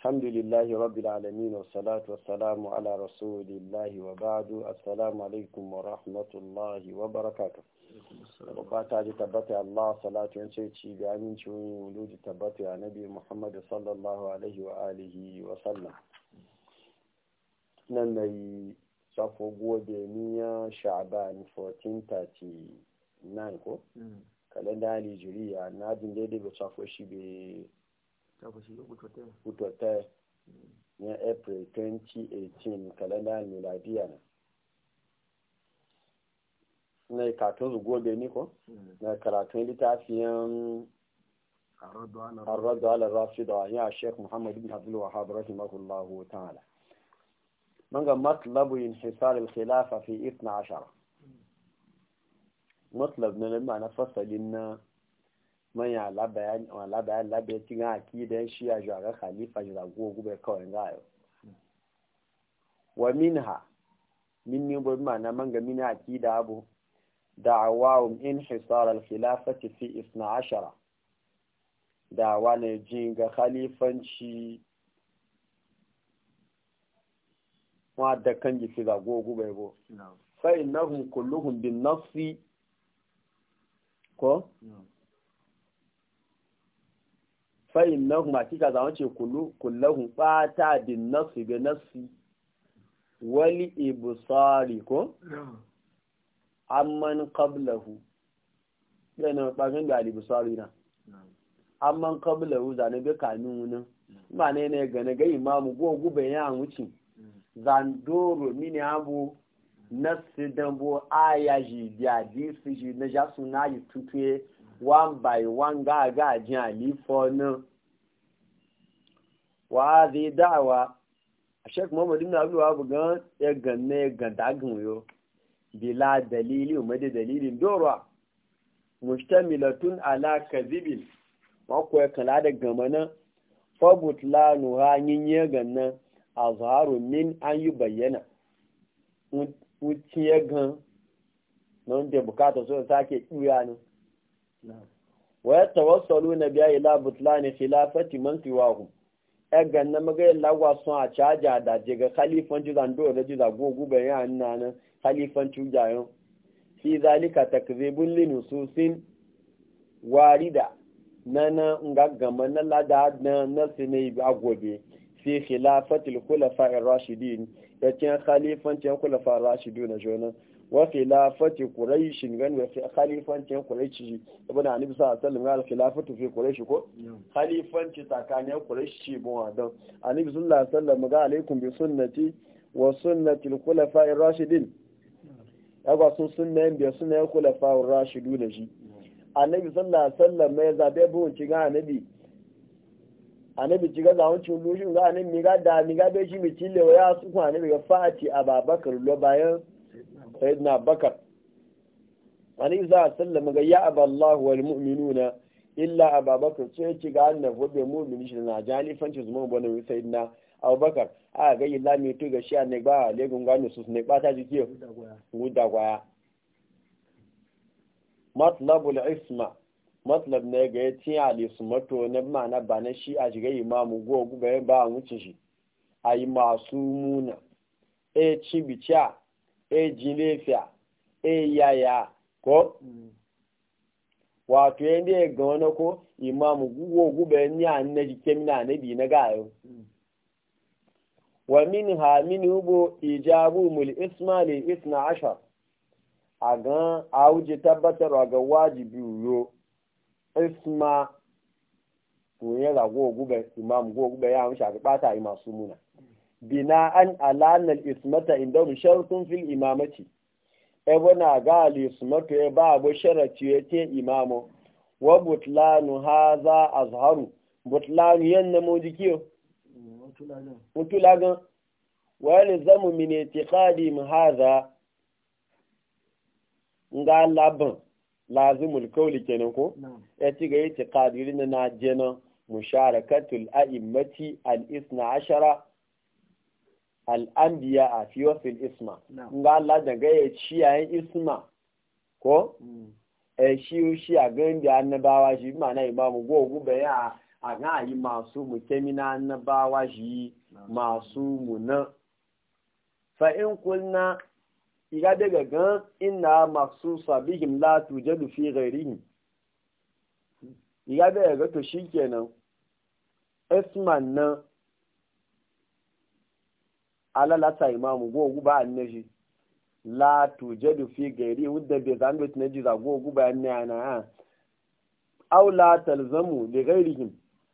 الحمد لله رب العالمين والصلاة والسلام على رسول الله وبعد السلام عليكم ورحمة الله وبركاته وقاتا لتبتع الله صلاة ونشيتي بأمين شوين ولود تبتع نبي محمد صلى الله عليه وآله وسلم نمي صفو قوة شعبان 1439 كالندا الهجرية نادن ديدي بصفو شبه kutota mm, ya april 2018 na na ikatun zugo niko mm. na ala rafi da wani a muhammad bin abdul wahab ta'ala man ga matlabu yin khilafa fi 12 mm. matlab na lamma na fasalin na manya labayan labayan labayan cikin akidan shi ya jara khalifa jira gogu bai kawai gayo wa minha min ni bo ma na manga min um da abu da da'awahum in al-khilafati fi da da'awa ne jinga khalifanci wa da kan ji fi gogu bai bo fa innahum kulluhum bin nafsi ko fa'in na kuma kika zama ce kullahun ɓata bin nasu ga nasu wali ibusari ko? amman qablahu yana ɓarin da alibusari na amman qablahu zane bai kanin wunin ma ne ne gane ga imamu go gube ya wuce mm. zandoro mini abu mm. nasu dambo aya ji da disi ji na jasu na yi tutuye one by one ga ga jin alifo na wa zai dawa a shek muhammadu na abuwa bugan ya ganna ya ganda yo bila dalili umade dalilin dorwa mustamilatun ala kazibil mako ya kala da gamana fabut la nuha yin ya ganna a min an yi bayyana wuciye gan na wanda bukata so sake ɗuya ne waya tawassalu na biya ila butlan khilafati man siwahum egan na maga lagwa son a caja da jega khalifan jizan zando da jiza zago gube ya annana khalifan jayo fi zalika takzibun li nususin warida na ngagama na lada na nasu a gobe fi khilafatul khulafa ar-rashidin yakin khalifancin khulafa ar-rashidun jona wa khilafati quraish gan wa khalifanci quraish ibn fi quraish ko khalifanci tsakanin quraish sallallahu alaihi wasallam ga alaikum bi sunnati wa sunnati al-khulafa ar-rashidin sun sunna yin biya sunna khulafa ar da annabi sallallahu alaihi wasallam mai zabe bu ci ga annabi annabi ga cin lushin ga annabi ga da ni ga be shi mi cille wa ya su annabi ga fati ababakar lo bayan sayyidina bakar ani za sallam ga ya aballahu wal mu'minuna illa ababakar sai ga annabi bai mu'mini shi na jalifanci zuma bane sayyidina abubakar a ga illa mi tu ga shi ne ba legun gano su na ba ta jike guda gwaya isma matlab ne ga ya tiya alisumato na ma'ana ba na shi a shiga imamu go gubayen ba a wuce shi a yi masu muna e eji lafiya eyaya ko wato yadda ya ga wani ko imamu gugu ogube ni a nne jike mina na bi na gayo wa min ha min hubo ijabu mul ismali ne isna ashar a gan a wuce tabbatarwa ga wajibi yo isma kunye ya rago gube imamu gugu gube ya hamsha ga bata yi masu muna bina'an alanar ismata inda shartun fil imamaci. ebe na ga al-ismatu ya e ba abu sharati ya e te imamu wa butlanu haza azharu butlanu yanna mu jikiyo mutulagan wa yalzamu min itiqadi hadha ga laban lazimul kauli kenan ko ya ci e ga itiqadi na jena musharakatul a'immati al-isna ashara al'ambiya a fiyofin isma nga Allah daga ya ciyayen isma ko mm. e shi shi a gani da annabawa shi mana imamu gogu bayan a ga yi masu mutemi na annabawa shi masu muna fa'in kulna iga daga gan ina masu sabihim la jadu fi ghairihim iga daga to kenan. isman nan alalata imamu gogu ba an shi. la tujadu fi gairi wadda bai zan bai tunaji za gogu ba ne ana ha aw la talzamu li ghairihim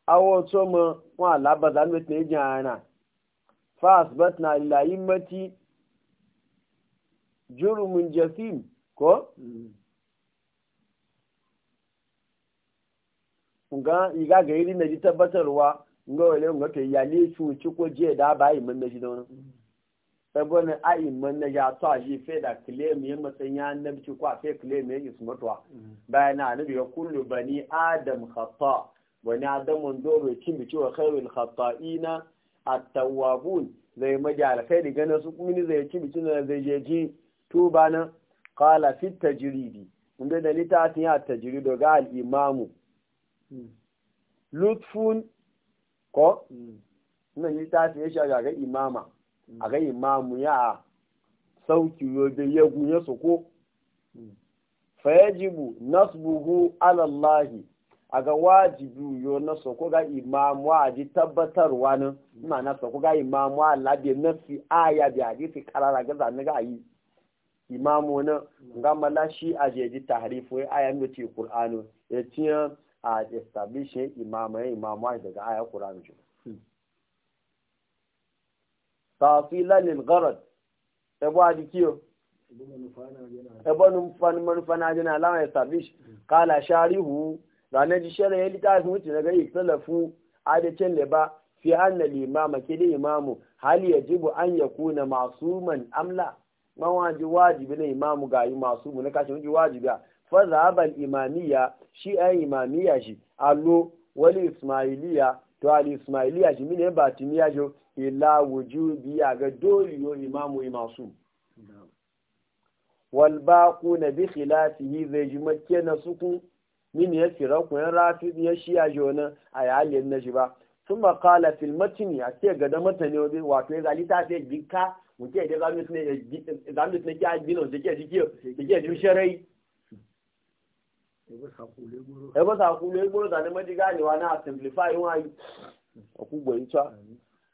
aw so ma wa la ba zan bai tunaji ana fa asbatna lillahi immati jurumun jasim ko kunga mm. iga gairi na ji tabbatarwa nga wale nga ga ya le su ci ko da ba yi mun shi da wani e sabon a yi mun shi ya to a ji fe da claim ya matsayin ya annabci ko a fe claim ya isu mutuwa bayan annabi ya kullu bani adam khata wani adamun doro kin bi cewa khairul khata'ina at-tawwabun zai majala kai daga na su mini zai ci bi na zai je ji tuba na qala fi tajridi inda da litatin ya tajrido ga al-imamu hmm. lutfun ko Nna yi ta fiye shi a ga imama a ga imamu ya sauki yobe ya gunye su ko fayajibu nasbuhu alallahi a ga wajibi yo na soko ga imamu a ji tabbatarwa nan ina na soko ga imamu a labe na fi aya bi a ji karara ga zane ga yi imamu na ga mala shi a je ji tahrifo ya aya mace kur'anu ya ciyan a establish imamai imamai daga aya Qur'ani shi hmm. tafila lil gharad ebo adikiyo ebo numfan manufana jina lama establish hmm. kala sharihu ranar ji shari'a ya littafin wuce daga ikhtalafu adacin da ba fi anna limama ke da imamu hali ya jibu an ya kuna masuman amla mawaji wajibi na imamu ga yi mu na kashin wajibi a fa zahabal imamiya shi ai imamiya shi allo wani ismailiya to al ismailiya shi mine batiniya jo ila wujubi ya ga dole yo imamu imasu wal baquna bi khilafihi zai ji makke na suku min ya fira ku yan rafi ya shiya jona a yalin na shi ba sun ba kala filmatin ya a ce ga da matane wabi wato ya zali ta sai jikka mutum ya zamu tunai ya zamu ya ke jike da ke jin sa ebe sakulu egboro da nemaji ganewa na simplify wayi okugbo ita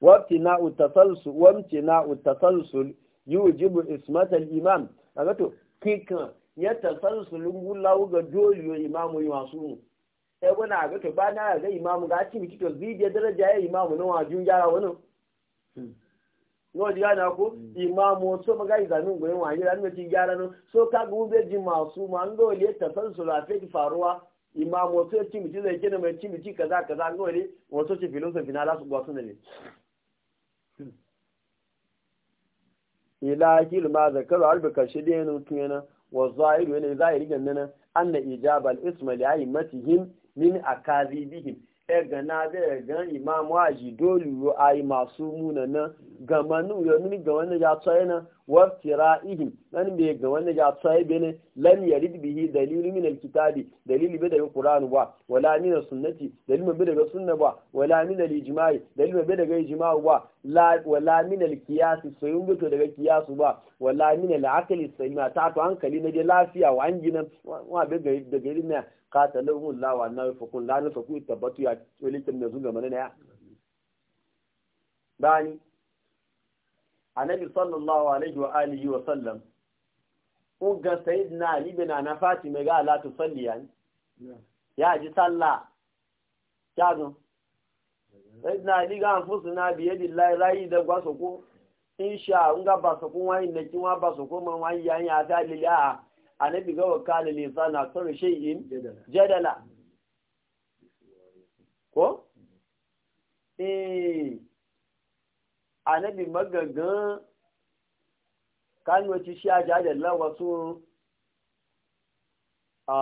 wabti na utasalsul wamti na utasalsul yujibu ismatal imam daga to kikan ya tasalsulun gulawu ga yo imamu yi masu mu ebe na ga to ba na ga imamu ga ci biki to zai daraja ya imamu na wajun gyara wani wọ́n di yára kó ìmọ̀ àmọ́ tó mọ́gá ìzàmì ìgbẹ́ wọn àyíra nínú ti yára nù só kágun bí bẹ́ máa màásù máa ń lò tẹ̀sán sọ̀rọ̀ àfẹ́kì faruwa ìmọ̀ àmọ́ tó ti mìtí lè jẹ́ nàmọ́ ti mìtí kàzá kàzá ń lò lé wọ́n tó ti fi náà lásìkò ọ̀tún ìlà an na ayi egana zai gan imamu aji dolu masu muna nan gamanu ya nuni ga ya tsaye nan nan ga ya tsaye bene yarid bihi min alkitabi daga ba wala min sunnati ba wala min ba la wala min alqiyas ba wala min alaqli ta to hankali na dai lafiya wa an qatalahum Allah wa annahu fakun la nafaku tabatu ya walikin da zuga mana ya bani annabi sallallahu alaihi wa alihi wa sallam uga sayyidina ali bin ana fatima ga ala tu salli ya ji salla ya zo sayyidina ali ga anfusuna bi yadillahi rayi da gwaso ko insha unga ba so ko wani ne kin wa ba so man wani ya ta annabi ga wakali lisan aksar shay'in jadala ko eh annabi magagan kan wace shi a jadala wasu a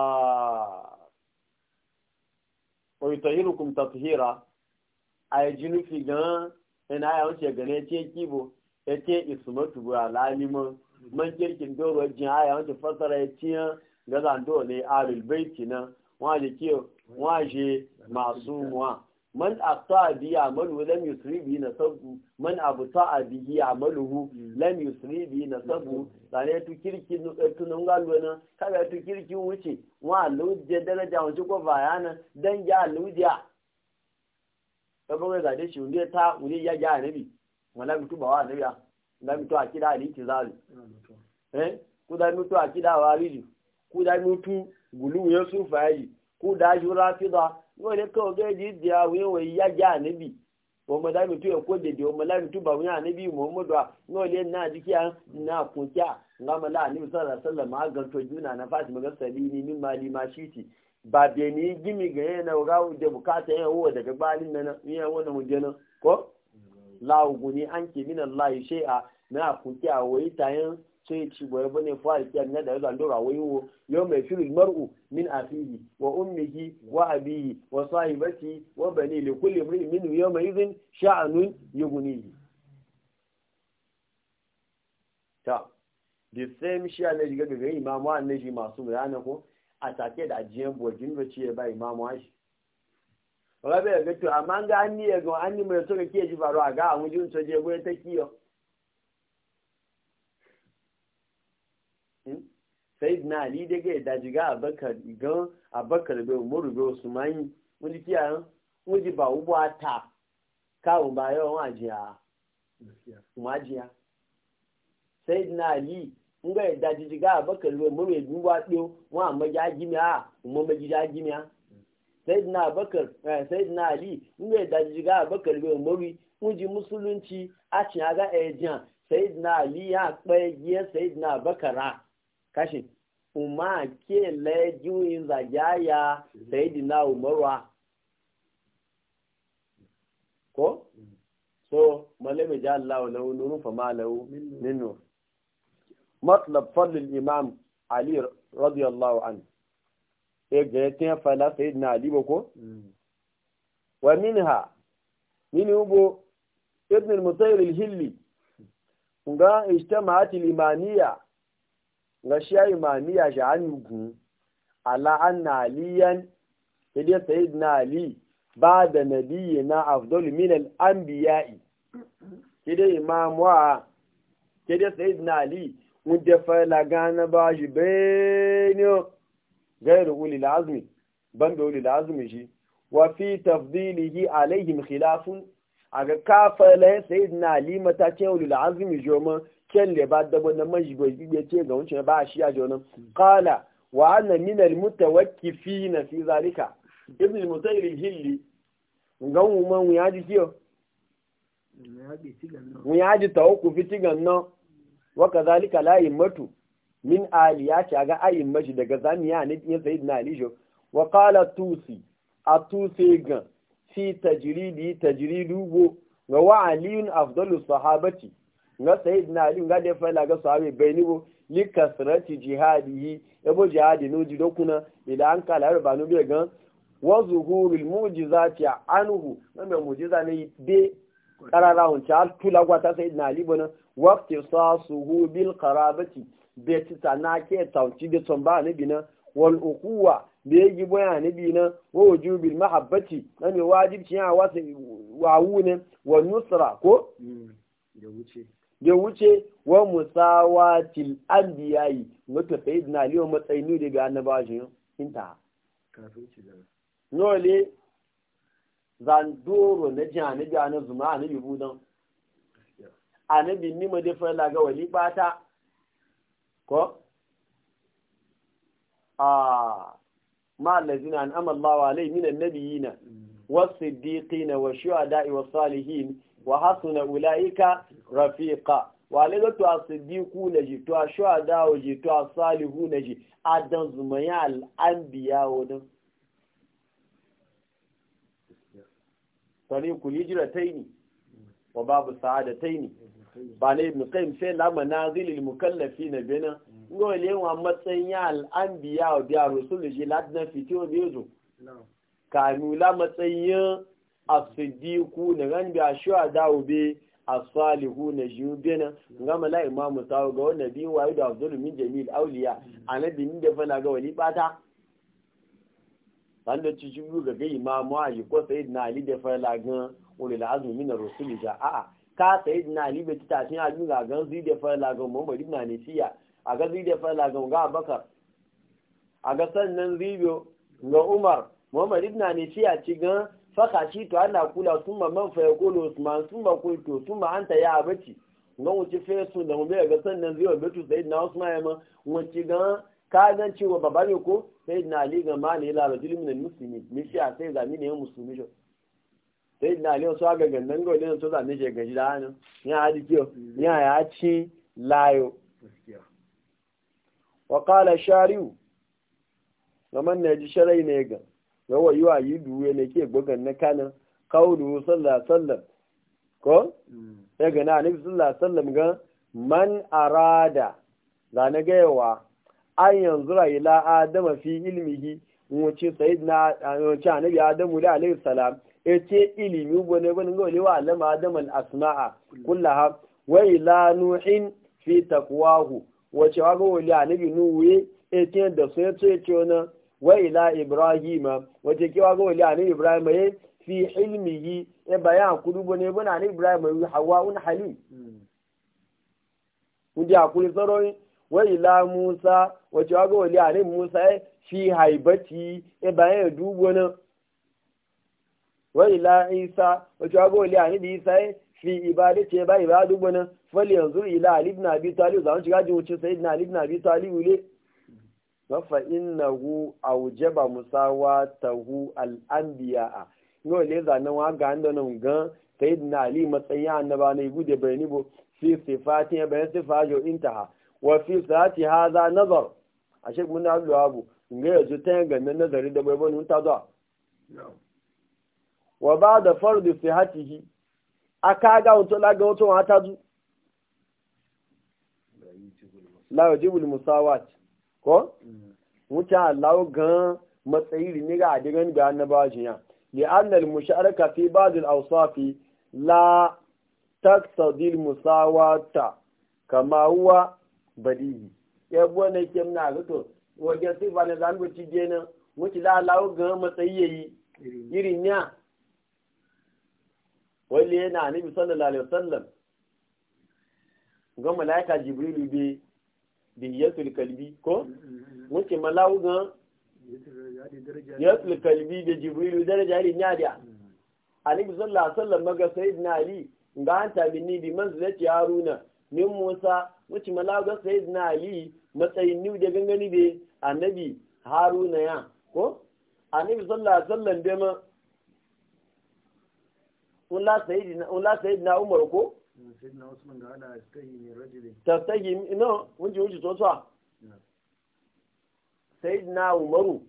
ويطهركم تطهيرا اي جنفي غان انا يا kibo, ya كيبو يتي اسمتو على نيمو man kirkin doruwa jin aya wanda fasara ya ciyan ga zando ne alul baiti nan waje ke waje masu muwa man afta bi amalu lam yusri bi nasabu man abu abta bi amaluhu lam yusri bi nasabu sare tu kirki nu eh, tunun galo na kaga tu kirki wuce wa luje daraja wuce ko bayana dan ya luja kaba ga da shi unde ta unde ya ja nabi wala mutu ba wa nabi da mutu a kida aliki zalu eh ku da mutu a kida wariji ku da mutu gulu ya sufa yi ku da jura fida ngo ne ko ga di dia we we ya ja nabi o mo da mutu e ko de de o mo la mutu ba wuya nabi muhammadu ngo le na dikiya na kunkiya ngama la ni sallallahu alaihi wasallam a ganto juna na fatima ga salini min mali ma shiti ba be ni gimi ga yana ga da bukata yana daga balin nan yana wannan hujjana ko la guni an ke min Allah shay'a na kunti a wayi tayin sai ci goyi bane fa na da zan dora wayi wo yau mai firu mar'u min afihi wa ummihi wa abihi wa sahibati wa bani li kulli imrin min yawma idhin sha'anun yughnihi ta the same shi ne diga ga imamu an shi masu bayana ko a take da ajiyan bojin da ce ba imamu shi ga to amma ga ke ji faru a ga sai na ali daga yadda jiga abakar gan abakar bai umaru bai usmani wani kiyayen wani ba ubu ta kawo ba yawan ajiya kuma ajiya sai na ali nga yadda jiga abakar bai umaru bai ubu ɗo wọn a maji ajimi a umar maji ajimi a sai na abakar eh, sai na ali nga yadda jiga abakar bai umaru wani musulunci a cin aga ejiyan sai na ali ya kpẹ́ yẹ sai na abakara. kashi umma ke le juyin zagaya sayidina umarwa ko so malami ja Allah lahu nuru fa ma lahu ninu matlab fadl al imam ali radiyallahu anhu e ga tin fala sayidina ali ko wa minha min ubo ibn al mutayr al hilli kunga ijtama'at al imaniya shi gashiya imamiya sha'ani gun ala anna aliyan yadda sayyidina ali ba da nabiyyi na afdol min al-anbiya'i kide imam wa kide sayyidina ali mudda fala gana ba shi bayani gairu ulil azmi banda ulil azmi shi wa fi tafdilihi alaihim a ga kafa lai sai na lima ta ce ulul azmi joma ken le ba dabo na maji ba ibe ce ga wuce ba shi a jona qala wa anna min al mutawakkifina fi zalika ibn al mutayr al hilli ngan mu man ya ji kiyo mu ya ji fi tigan no wa kadhalika la yimatu min aliyati aga ayin maji daga zamiya ne sayyidina ali jo wa qala tusi a tusi gan fi tajiridi tajiridu go ga wa aliyun afdalu sahabati ga na aliyun ga da fala ga sahabi bayni go li kasrati jihadihi yabo jihadi no jido kuna ila an kala ba no be gan wa zuhurul mu'jizati anhu na me mu'jiza ne de karara hun ta tula gwata sayyidina ali bona waqti bil qarabati be titana ke tawti de tsamba ne bina wal ukuwa da ya gi boya ni bi nan wa wujubil mahabbaci na ne wajibci yana wasa wawu ne wa nusra ko mm, da wuce da wuce wa musawatil anbiya'i wato sayyidina ali matsayi matsayin da ga ba shi inta ta ci nole zandoro na jihar anabi, a na zuma a nabi budan a nabi nima da fara lagawa wali ko a ma'allazina an amallawa alai minan nabiyina mm. wasiddiqina wa shuhada'i wa salihin wa hasuna ulaika rafiqa wa lagatu as-siddiqu naji to shuhada wa ji to salihu naji adan zumaya al-anbiya wadan tariqu hijrataini wa babu sa'adataini ba ne ibn qayyim sai la manazilil mukallafina bina ngo le wa matsanya al'anbiya wa biya rusul ji ladna fitiyo biyo zo kamula matsayin asidiku na ran biya shuwa dawo be asalihu na jubena ga mala imamu tawo ga wannan biyu wayo da min jamil auliya annabi min da na ga wani bata sanda ci shi ga ga imamu ayi ko na ali da fana ga ulul azmi min ar ja a ka na ali bai ta tin ajin ga ga zai da fana muhammadu na nisiya. a ga zide fala ga ga bakar a ga sannan zibiyo ga umar muhammad na ne shi a ci gan faka shi to ana kula sun ma man fa yakulu ma sun ma kulto sun ma yi ya abaci ga wuce fesu da mu ga sannan zibiyo betu sayyidina usman ya ma wuce gan ka gan cewa baba ne ko na ali ga mali ila rajul da almuslimin mi shi a sai ga mi ne musulmi jo na ali so ga gannan go ne so da ne je gaji da hanin ya hadi kiyo ya ya ci layo gaskiya wa shari'u zaman na ji sharai ne ga yawa yiwa yi duwe ne ke gbogan na kanan kaulu sallallahu sallam ko ya mm. gana annabi sallallahu sallam ga man arada da na gaiwa an yanzu rayila la'adama fi ilmihi wuce sayyidina wuce annabi adamu da alaihi salam e ce ilimi gone bane ga walewa alama adam al asma'a kullaha wai ila nuhin fi takwahu. wace waga wali anabi nuwe etin da sun yato ya ce wani wa ila ibrahima wace ke waga wali anabi ibrahima ya fi yi ya bayan kudu bane bane anabi ibrahima ya hawa un hali. kundi akuli tsaron wa ila musa wace waga wali anabi musa ya fi haibati ya bayan ya dubu wani wa ila isa wace waga wali anabi isa ya fi ibadati ya ba ibadu bana fali yanzu ila ali ibn abi za zaman shiga jin wucin na ali ibn abi talib ne ba musawa ta hu al'ambiya a yau le zanan wa ga ando nan ga na ali matsayin annaba igu da bayani bo fi sifati ya bayan sifajo intaha wa fi sati za nazar a shek mun da abu in ga yanzu ta yi ganin nazari da bai bani mun ta zuwa wa ba da fardu sihatihi Aka ga wato laga wato wa ta zu la yajibul musawat ko mm. wuce Allah gan matsayi ne ga adigan ga annabajiya jiya li anna al musharaka fi ba'd al awsaf la taqtadi al musawata kama huwa badihi yabo ne kem na ga to waje sifa ne zan ci gena wuce la Allah gan matsayi yayi irin ya wani yana annabi sallallahu alaihi wasallam ga malaika jibrilu be biyatul kalbi ko muke malawu ga biyatul kalbi da jibrilu daraja ne da annabi sallallahu alaihi wasallam maga sayyidina ali ga an tabini bi manzilati haruna min musa muke malawu ga sayyidina ali matsayin ni da gangani be annabi haruna ya ko annabi sallallahu alaihi wasallam be ńlá sẹ́yìn na umar ko tàbí iná wọ́n jẹ́ oúnjẹ tó umaru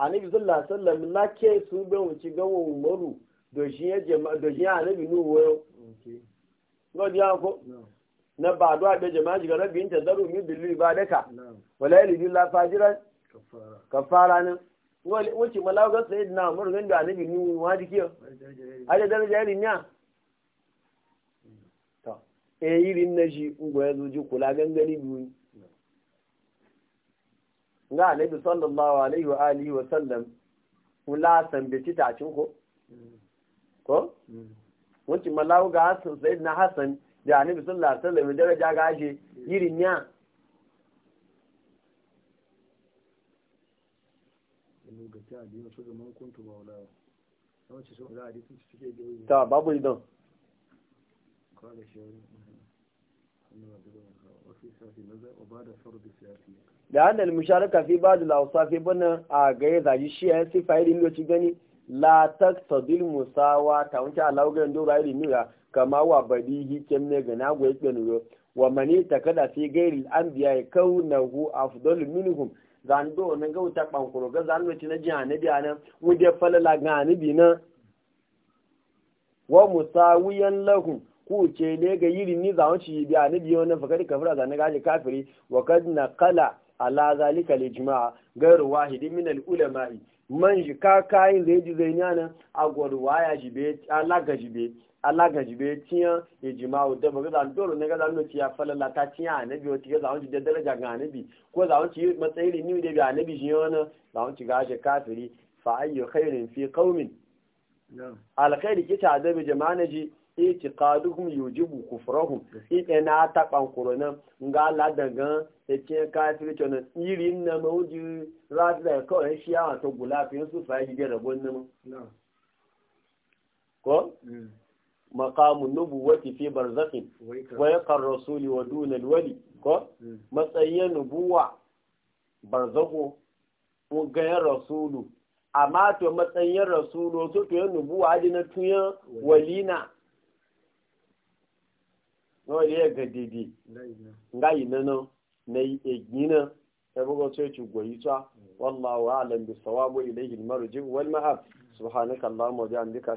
anabi sallallahu alaihi wasallam lake su be wuce gawo umaru dojin ya jama dojin ya na ba do abe jama'a ji rabbi inta daru mi ba daka. wala ilaha illa kafara kafara wace malagar sayid na murgan da annabi ni ma jiki a da daraja irin ya Eh e irin na shi ya zo ji kula gangari biyu ga annabi sallallahu alaihi wa alihi wa sallam kula ta cin ko ko wace malagar sayid na hasan da annabi sallallahu alaihi wa sallam daraja shi irin ya ta babu idan da ba musharaka fi ba da lausa fi bana a gaya zaji shi ya sai fayar ilo gani la taqtadil musawa ta wuce alawgan do rayi nura kama wa badihi kemne gana go wa mani gairil hu kaunahu zando nan ga wuta kwankuro ga zando ti na ji hanabi a nan wude falala ga bi na wa musawiyan lahum ku ce ne ga yiri ni zawon ci bi hanabi wannan fakari kafira zan ga kafiri wa na kala ala zalika li jama'a gairu wahidi min al ulama'i man ji ka kayin zai ji zai nan a gwarwaya jibe alaga be alagaji bai tiya ya jima'u da baga zan dole ne ga zan nuci ya falala ta tiya annabi wata ga zan da daraja ga annabi ko zan ci matsayi da ga annabi shi yana zan ci ga shi kafiri fa fi ji ta kankurona nga e na e shi e su yi da rabon ko mm. maqamun nubuwati fi barzakhin wa yaqar rasuli wa duna alwali ko matsayin nubuwa barzakho ko rasulu amma to matsayin rasulu so to yan nubuwa na tuya walina no le ga didi ngai Na nay egina tabugo sai ci goyi ta wallahu a'lam bisawabu ilayhi almarji wal ma'ab subhanaka allahumma wa bihamdika